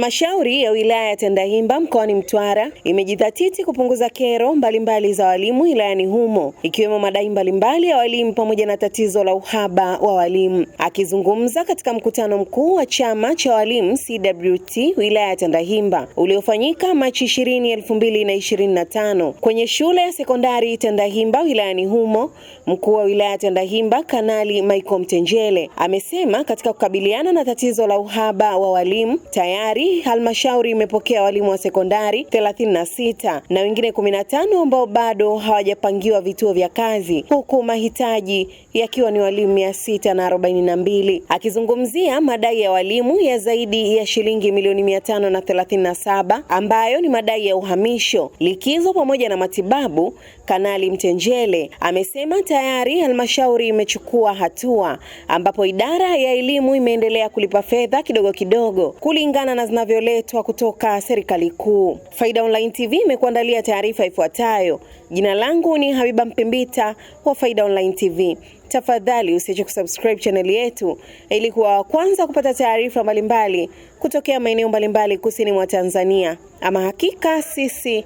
Halmashauri ya wilaya ya Tandahimba mkoani Mtwara imejidhatiti kupunguza kero mbalimbali mbali za walimu wilayani humo ikiwemo madai mbalimbali mbali ya walimu pamoja na tatizo la uhaba wa walimu. Akizungumza katika mkutano mkuu wa chama cha walimu CWT wilaya ya Tandahimba uliofanyika Machi 20, 2025 kwenye shule ya sekondari Tandahimba wilayani humo, mkuu wa wilaya ya Tandahimba Kanali Michael Mtenjele amesema katika kukabiliana na tatizo la uhaba wa walimu tayari halmashauri imepokea walimu wa sekondari 36 na wengine 15 ambao bado hawajapangiwa vituo vya kazi, huku mahitaji yakiwa ni walimu ya sita na arobaini na mbili. Akizungumzia madai ya walimu ya zaidi ya shilingi milioni mia tano na thelathini na saba ambayo ni madai ya uhamisho, likizo pamoja na matibabu, Kanali Mtenjele amesema tayari halmashauri imechukua hatua ambapo idara ya elimu imeendelea kulipa fedha kidogo kidogo kulingana na vinavyoletwa kutoka serikali kuu. Faida Online TV imekuandalia taarifa ifuatayo. Jina langu ni Habiba Mpimbita wa Faida Online TV. Tafadhali usiache kusubscribe chaneli yetu ili kuwa wa kwanza kupata taarifa mbalimbali kutokea maeneo mbalimbali kusini mwa Tanzania. Ama hakika sisi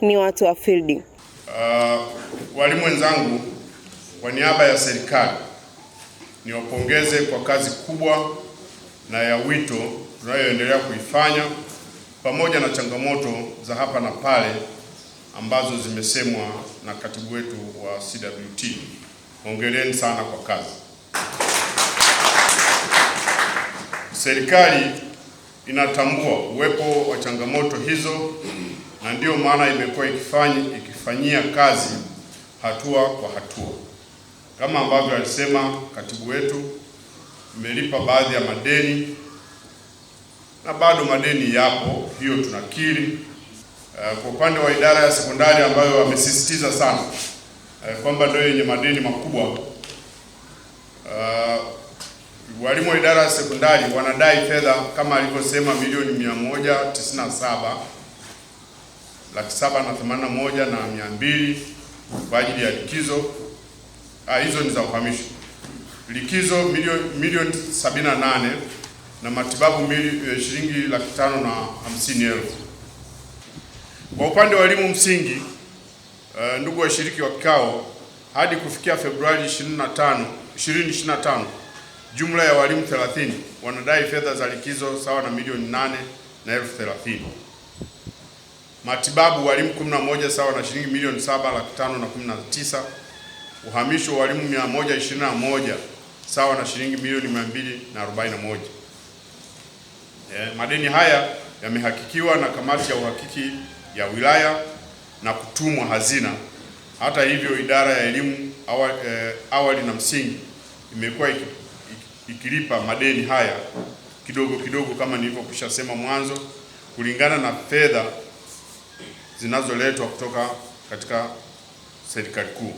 ni watu wa field. Uh, walimu wenzangu, kwa niaba ya serikali niwapongeze kwa kazi kubwa na ya wito tunayoendelea kuifanya pamoja na changamoto za hapa na pale ambazo zimesemwa na katibu wetu wa CWT. Hongereni sana kwa kazi. Serikali inatambua uwepo wa changamoto hizo na ndiyo maana imekuwa ikifanya ikifanyia kazi hatua kwa hatua. Kama ambavyo alisema katibu wetu, imelipa baadhi ya madeni na bado madeni yapo, hiyo tunakiri. Eh, kwa upande wa idara ya sekondari ambayo wamesisitiza sana eh, kwamba ndio yenye madeni makubwa, eh, walimu wa idara ya sekondari wanadai fedha kama alivyosema milioni 197 laki saba na themanini moja na mia mbili kwa ajili ya likizo. Ah, hizo ni za uhamisho. Likizo milioni milioni sabini na nane na matibabu mili, eh, shilingi laki tano na hamsini elfu. Kwa upande wa elimu msingi, uh, ndugu washiriki wa kikao, hadi kufikia Februari 25, 2025 jumla ya walimu 30 wanadai fedha za likizo sawa na milioni 8 na elfu 30. Matibabu walimu 11 sawa na shilingi milioni 7 laki 5 na 19. Uhamisho wa walimu 121 sawa na shilingi milioni 241. E, madeni haya yamehakikiwa na kamati ya uhakiki ya wilaya na kutumwa hazina. Hata hivyo, idara ya elimu awali, e, eh, awali na msingi imekuwa ikilipa madeni haya kidogo kidogo kama nilivyokwisha sema mwanzo kulingana na fedha zinazoletwa kutoka katika serikali kuu.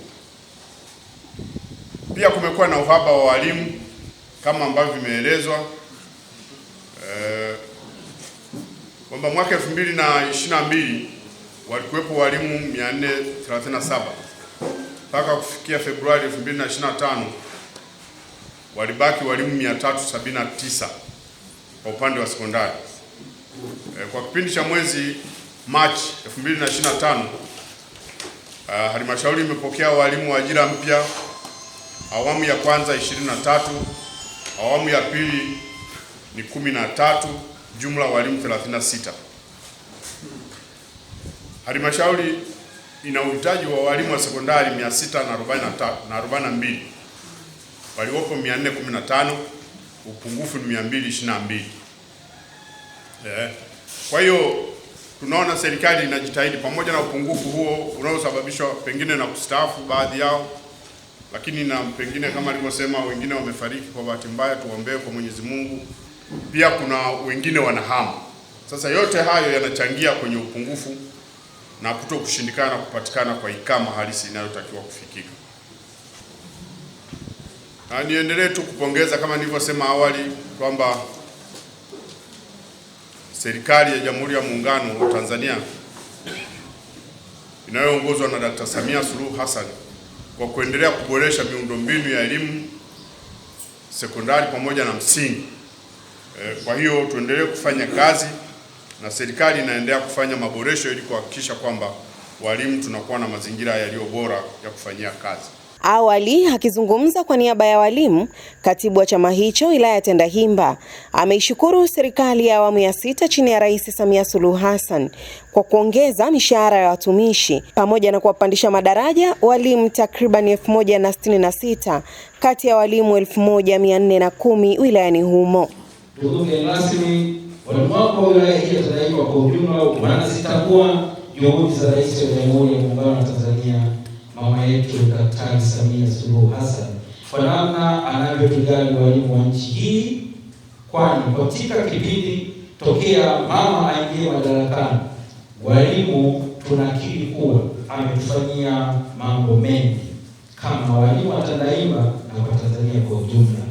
Pia kumekuwa na uhaba wa walimu kama ambavyo vimeelezwa Eh, kwamba mwaka el2na mbili walikuwepo walimu 437 mpaka kufikia Februari 2025 walibaki walimu 379 kwa upande wa sekondari. Eh, kwa kipindi cha mwezi Machi 2025 uh, halmashauri imepokea walimu wa ajira mpya awamu ya kwanza 23, awamu ya pili ni 13, tatu, jumla walimu 36. Halmashauri ina uhitaji wa walimu wa sekondari 42, waliopo 415, upungufu ni 222. Eh, kwa hiyo tunaona serikali inajitahidi pamoja na upungufu huo unaosababishwa pengine na kustaafu baadhi yao, lakini na pengine kama alivyosema wengine wamefariki kwa bahati mbaya. Tuombee kwa Mwenyezi Mungu pia kuna wengine wanahama. Sasa yote hayo yanachangia kwenye upungufu na kuto kushindikana kupatikana kwa ikama halisi inayotakiwa kufikika. Na niendelee tu kupongeza kama nilivyosema awali kwamba serikali ya Jamhuri ya Muungano wa Tanzania inayoongozwa na Dkt. Samia Suluhu Hassan kwa kuendelea kuboresha miundombinu ya elimu sekondari pamoja na msingi Eh, kwa hiyo tuendelee kufanya kazi na serikali inaendelea kufanya maboresho ili kuhakikisha kwamba walimu tunakuwa na mazingira yaliyo bora ya kufanyia kazi. Awali akizungumza kwa niaba ya walimu, katibu wa chama hicho wilaya Tandahimba ameishukuru serikali ya awamu ya sita chini ya Rais Samia Suluhu Hassan kwa kuongeza mishahara ya watumishi pamoja na kuwapandisha madaraja walimu takriban elfu moja na sitini na sita kati ya walimu elfu moja mia nne na kumi wilayani humo. Ndugu rasmi rasmi, mwaka wa wilaya hii ya Tandahimba kwa ujumla wanazitambua juhudi za Rais wa Jamhuri ya Muungano wa Tanzania, mama yetu Daktari Samia Suluhu Hassan kwa namna anavyotujali walimu wa nchi hii, kwani katika kipindi tokea mama aingie madarakani, walimu tunakiri kuwa ametufanyia mambo mengi kama walimu wa Tandahimba na kwa Tanzania kwa ujumla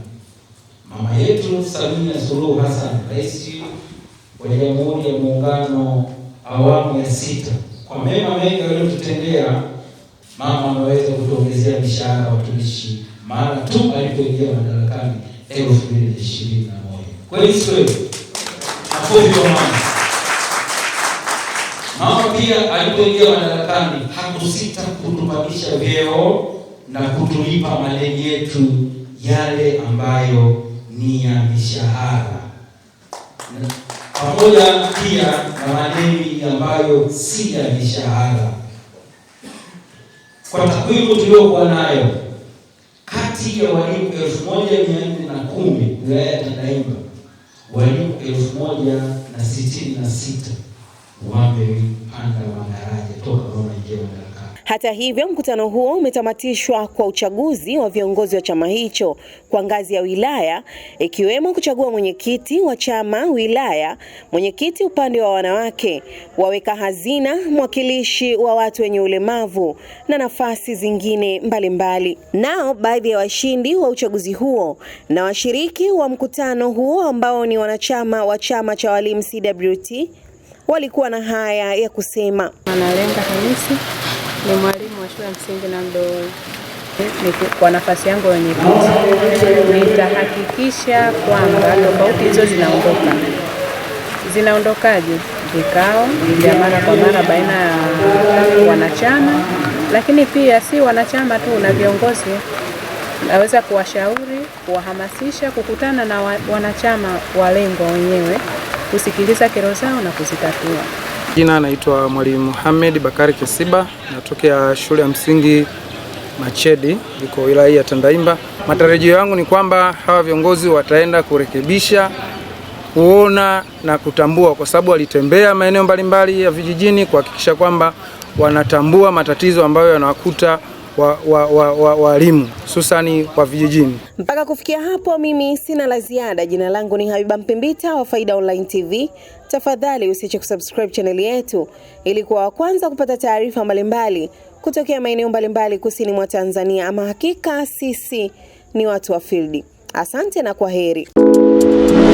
mama yetu Samia Suluhu Hassan, rais wa Jamhuri ya Muungano awamu ya sita, kwa mema mengi aliyotutendea mama ameweza kutuongezea mishahara watumishi mara tu alipoingia madarakani elfu mbili na ishirini na moja. Kweli makofi kwa mama. Mama pia alipoingia madarakani hakusita kutupandisha vyeo na kutulipa madeni yetu yale ambayo ni ya mishahara pamoja pia na madeni ambayo si ya mishahara. Kwa takwimu tuliokuwa nayo, kati ya walimu elfu moja mia nne na kumi wilaya ya Tandahimba, walimu elfu moja na sitini na sita wamepanda madaraja toka wanaingia madarakani. Hata hivyo, mkutano huo umetamatishwa kwa uchaguzi wa viongozi wa chama hicho kwa ngazi ya wilaya, ikiwemo kuchagua mwenyekiti wa chama wilaya, mwenyekiti upande wa wanawake, waweka hazina, mwakilishi wa watu wenye ulemavu na nafasi zingine mbalimbali mbali. Nao baadhi ya washindi wa uchaguzi huo na washiriki wa mkutano huo ambao ni wanachama wa chama cha walimu CWT walikuwa na haya ya kusema. Analenga halisi ni mwalimu wa shule ya msingi Namdoole. Kwa nafasi yangu wenye viti, nitahakikisha kwamba tofauti hizo zinaondoka. Zinaondokaje? Vikao vya mara kwa mara baina ya wanachama, lakini pia si wanachama tu na viongozi naweza kuwashauri, kuwahamasisha kukutana na wanachama walengwa wenyewe, kusikiliza kero zao na kuzitatua jina naitwa Mwalimu Muhammad Bakari Kisiba, natokea shule ya msingi Machedi iko wilaya ya Tandaimba. Matarajio yangu ni kwamba hawa viongozi wataenda kurekebisha, kuona na kutambua, kwa sababu walitembea maeneo mbalimbali ya vijijini kuhakikisha kwamba wanatambua matatizo ambayo yanawakuta walimu wa, wa, wa, wa hususani wa vijijini. Mpaka kufikia hapo, mimi sina la ziada. Jina langu ni Habiba Mpimbita wa Faida Online TV. Tafadhali usiache kusubscribe chaneli yetu ili kuwa wa kwanza kupata taarifa mbalimbali kutokea maeneo mbalimbali kusini mwa Tanzania. Ama hakika sisi ni watu wa field. Asante na kwa heri.